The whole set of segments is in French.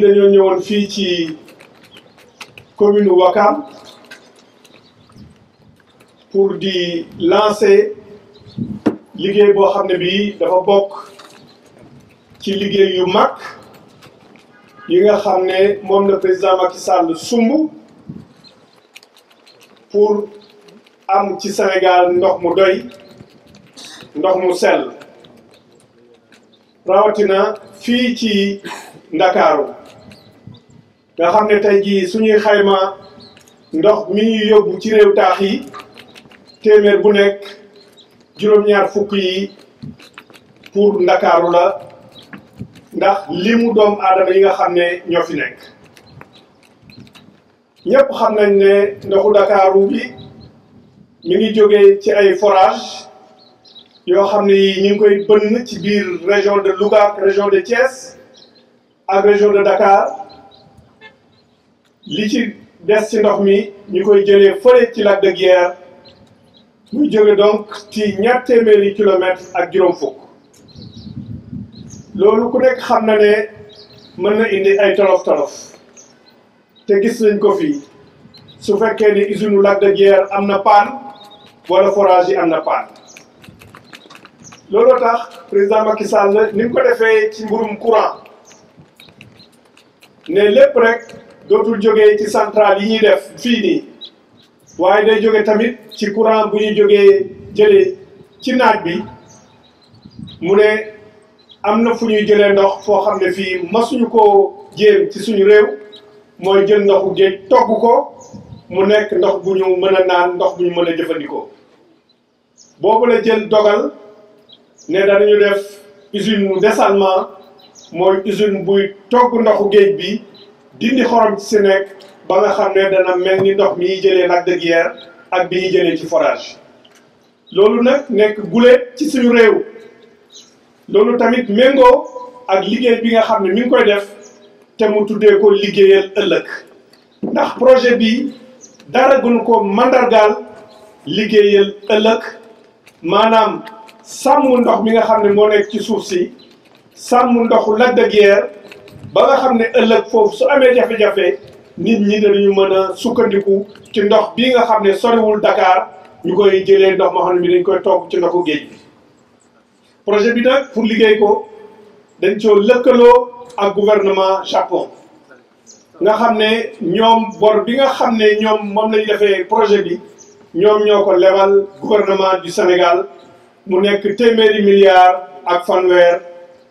yi dañoo ñëwoon fii ci commune Wakam pour di lancer liggéey boo xam ne bii dafa bokk ci liggéey yu mag yi nga xam ne moom la président Macky Sall sumb pour am ci Sénégal ndox mu doy ndox mu sell rawatina fii ci Ndakaaru nga xam ne tey jii suñuy xayma ndox mi ñuy yóbbu ci réew taax yi téeméer bu nekk juróom-ñaar fukk yi pour ndakaaru la ndax limu doomu aadama yi nga xam ne ñoo fi nekk ñëpp xam nañ ne ndoxu ndakaaru bi mi ngi jógee ci ay forage yoo xam ne yi ñu ngi koy bënn ci biir région de Louga région de Thiès ak région de Dakar li ci des ci ndox mi ñu koy jëlee fële ci lac de guerre muy jóge donc ci ñaar téeméeri kilomètres ak juróom fukk loolu ku nekk xam na ne mën na indi ay tolof tolof te gis nañ ko fii su fekkee ni usine lac de guerre am na paan wala forage yi am na paan looloo tax président Macky Sall ni nga ko defee ci mburum courant ne lépp rek. lootul jógee ci centrale yi ñuy def fii nii waaye day jóge tamit ci courant bu ñuy jógee jëlee ci naaj bi mu ne am na fu ñuy jëlee ndox foo xam ne fii masuñu ko jéem ci suñu réew mooy jël ndoxu géej togg ko mu nekk ndox bu ñu mën a naan ndox bu ñu mën a jëfandikoo boobu la jël dogal ne danañu def usine mu dessalement mooy usine buy togg ndoxu géej bi dindi xorom si nekk ba nga xam ne dana mel ni ndox mi ñuy jëlee Lac de Guiers ak bi ñuy ci forage loolu nag nekk guléet ci suñu réew loolu tamit méngoo ak liggéey bi nga xam ne mi ngi koy def te mu tuddee ko liggéeyal ëllëg ndax projet bi dara gënu ko mandargaal liggéeyal ëllëg maanaam sàmm ndox mi nga xam ne moo nekk ci suuf si sàmm ndoxu Lac de ba nga xam ne ëllëg foofu su amee jafe-jafe nit ñi dañu mën a sukkandiku ci ndox bii nga xam ne soriwul Dakar ñu koy jëlee ndox moo xam ne dañ koy togg ci ndoxu géej projet bi nag pour liggéey ko dañ coo lëkkaloo ak gouvernement Japon nga xam ne ñoom bor bi nga xam ne ñoom moom lañ defee projet bi ñoom ñoo ko lebal gouvernement du Sénégal mu nekk téeméeri milliards ak fanweer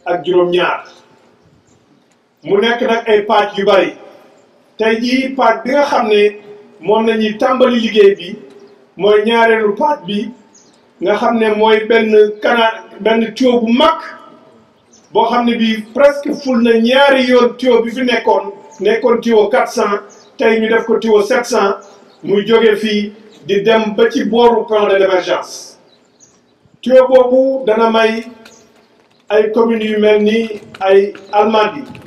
ak juróom-ñaar mu nekk nag ay pàcc yu bari tey ji pàcc bi nga xam ne moom la ñuy tàmbali liggéey bi mooy ñaareelu pàcc bi nga xam ne mooy benn canal benn tuyau bu mag boo xam ne bii presque ful na ñaari yoon tuyau bi fi nekkoon nekkoon tuyau 400 tey ñu def ko tuyau 700 mu jóge fii di dem ba ci booru plan de l'émergence tuyau boobu dana may ay communes yu mel ni ay Almadies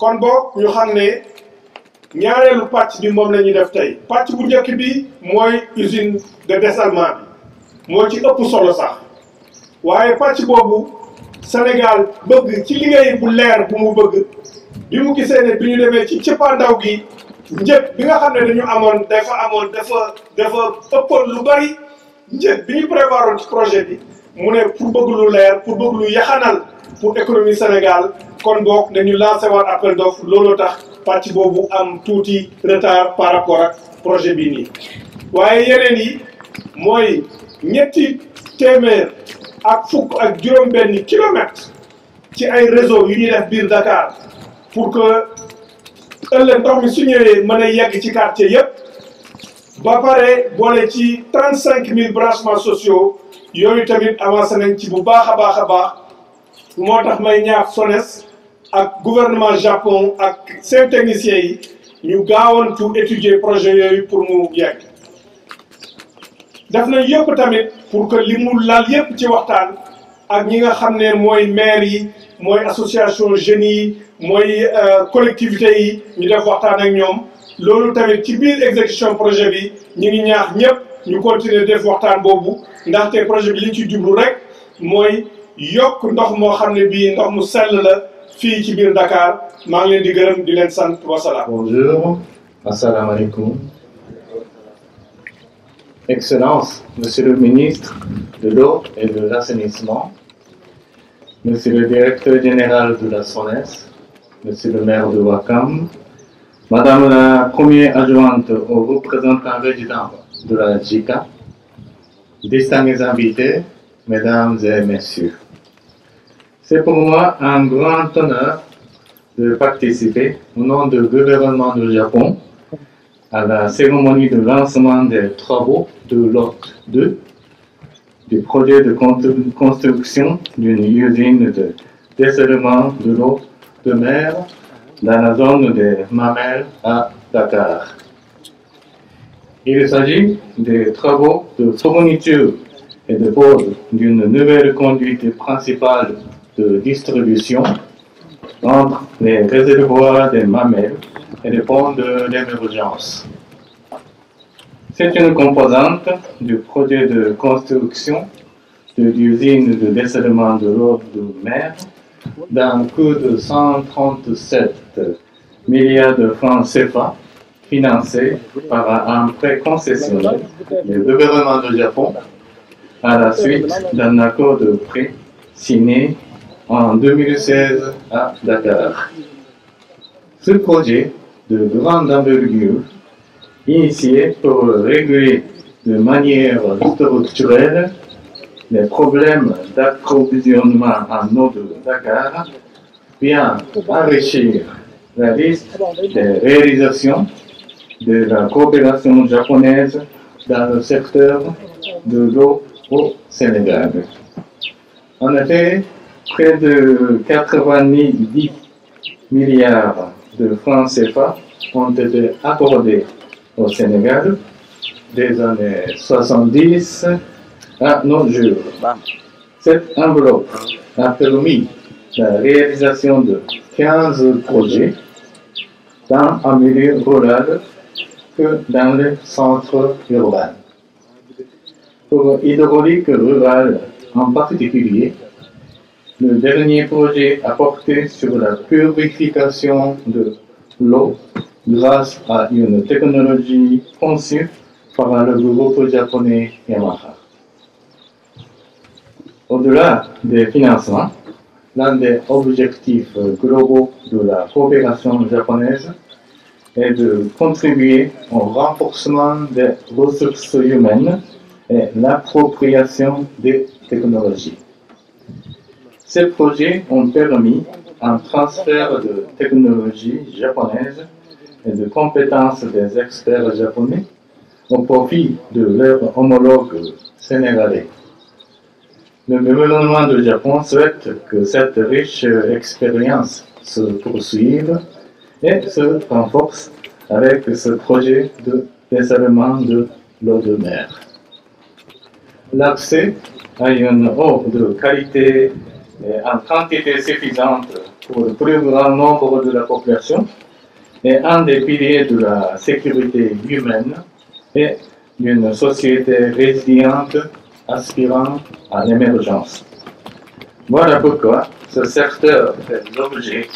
kon boo ñu xam ne ñaareelu pàcc bi moom la ñuy def tey pàcc bu njëkk bi mooy usine de dessalement bi moo ci ëpp solo sax waaye pàcc boobu Sénégal bëgg ci liggéey bu leer bu mu bëgg bi mu gisee ne bi ñu demee ci cëppaandaw gi njëg bi nga xam ne dañu amoon dafa amoon dafa dafa ëppoon lu bari njëg bi ñu prévoiroon projet bi mu ne pour bëgg lu leer pour bëgg lu yaxanal pour économie Sénégal kon bok dañu lancé waat appel d'offre lolo tax pàcc bobu am touti retard par rapport ak projet bi ni waye yeneen yi mooy ñetti téeméer ak fukk ak juróom-benn kilomètre ci ay réseau yu ñuy def biir Dakar pour que ëllëg ndox mi su ñëwee mën a yegg ci quartier yépp ba pare boole ci trente mille branchements sociaux yooyu tamit avancé nañ ci bu baax a baax a baax moo tax may ñaax SONES ak gouvernement Japon ak seen techniciens yi ñu tu étudier projet yooyu pour mu yegg def na yëpp tamit pour que li mu laal yëpp ci waxtaan ak ñi nga xam ne mooy maire yi mooy association jeunes yi mooy euh, collectivité yi ñu def waxtaan ak ñoom loolu tamit ci biir exécution projet bi ñu ngi ñaax ñëpp ñu continuer def waxtaan boobu ndaxte projet bi li ci jublu rek mooy yokk ndox moo xam ne bii ndox mu sell la fii Dakar di Bonjour, assalamu alaikum. Excellence, Monsieur le ministre de l'eau et de l'assainissement, Monsieur le directeur général de la SONES, e Monsieur le maire de Wakam, Madame la première adjointe au représentant résident de la JICA, distingués invités, Mesdames et Messieurs. C'est pour moi un grand honneur de participer au nom du gouvernement du Japon à la cérémonie de lancement des travaux de lot 2 du projet de construction d'une usine de dessalement de l'eau de mer dans la zone des Mamelles à Dakar. Il s'agit des travaux de fourniture et de pose d'une nouvelle conduite principale de distribution entre les réservoirs des mamelles et les ponts de l'émergence. C'est une composante du projet de construction de l'usine de dessalement de l'eau de mer d'un coût de 137 milliards de francs CFA financé par un prêt concessionnel du gouvernement du Japon à la suite d'un accord de prêt signé en 2016 à Dakar. Ce projet de grande envergure, initié pour régler de manière structurelle les problèmes d'approvisionnement en eau de Dakar, vient enrichir la liste des réalisations de la coopération japonaise dans le secteur de l'eau au Sénégal. En effet, près de 90 milliards de francs CFA ont été accordés au Sénégal des années 70 à nos jours. Cette enveloppe a permis la réalisation de 15 projets dans en milieu rural que dans les centres urbains. Pour hydraulique rurale en particulier, le dernier projet a porté sur la purification de l'eau grâce à une technologie conçue par le groupe japonais Yamaha. Au-delà des financements, l'un des objectifs globaux de la coopération japonaise est de contribuer au renforcement des ressources humaines et l'appropriation des technologies. Ces projets ont permis un transfert de technologie japonaise et de compétences des experts japonais au profit de leurs homologues sénégalais. Le gouvernement du Japon souhaite que cette riche expérience se poursuive et se renforce avec ce projet de dessalement de l'eau de mer. L'accès à une eau de qualité en quantité suffisante pour le plus grand nombre de la population, et un des piliers de la sécurité humaine et d'une société résiliente aspirant à l'émergence. Voilà pourquoi ce secteur fait l'objet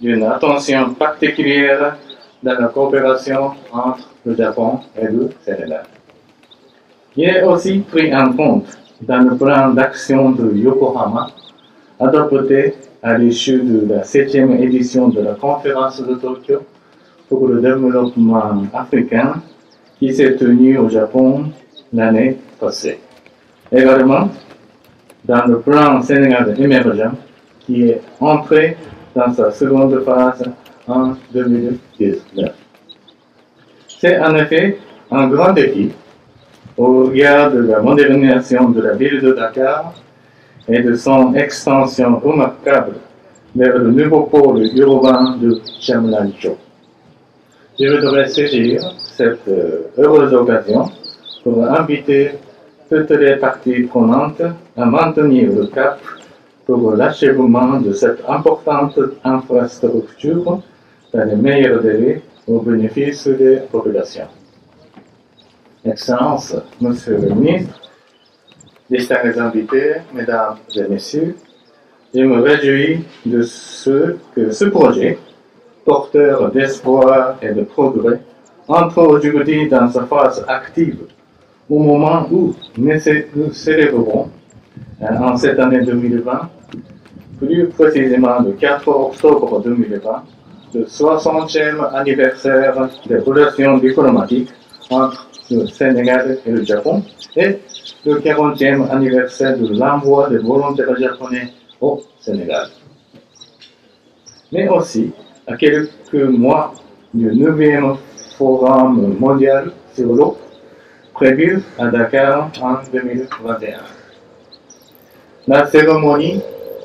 d'une attention particulière dans la coopération entre le Japon et le Sénégal. Il est aussi pris en compte dans le plan d'action de Yokohama Adopté à l'issue de la septième édition de la conférence de Tokyo pour le développement africain qui s'est tenue au Japon l'année passée. Également, dans le plan Sénégal émergent qui est entré dans sa seconde phase en 2019. C'est en effet un grand défi au regard de la modernisation de la ville de Dakar et de son extension remarquable vers le nouveau pôle urbain de Chemlancho. Je voudrais saisir cette euh, heureuse occasion pour inviter toutes les parties prenantes à maintenir le cap pour l'achèvement de cette importante infrastructure dans les meilleurs délais au bénéfice des populations. Excellence, Monsieur le ministre, Distingués invités, mesdames et messieurs, je me réjouis de ce que ce projet, porteur d'espoir et de progrès, entre aujourd'hui dans sa phase active, au moment où nous célébrons, hein, en cette année 2020, plus précisément le 4 octobre 2020, le 60e anniversaire des relations diplomatiques entre le Sénégal et le Japon, et le 40e anniversaire de l'envoi des volontaires japonais au Sénégal. Mais aussi, à quelques mois du 9e Forum mondial sur l'eau, prévu à Dakar en 2021. La cérémonie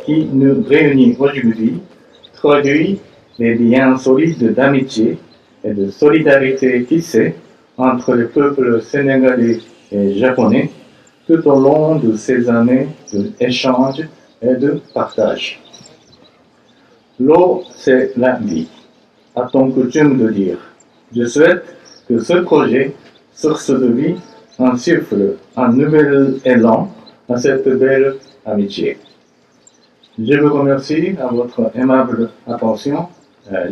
qui nous réunit aujourd'hui traduit les liens solides d'amitié et de solidarité tissés entre les peuples sénégalais et japonais tout au long de ces années d'échange et de partage. L'eau, c'est la vie, a-t-on coutume de dire. Je souhaite que ce projet, source de vie, siffle un nouvel élan à cette belle amitié. Je vous remercie à votre aimable attention. Euh,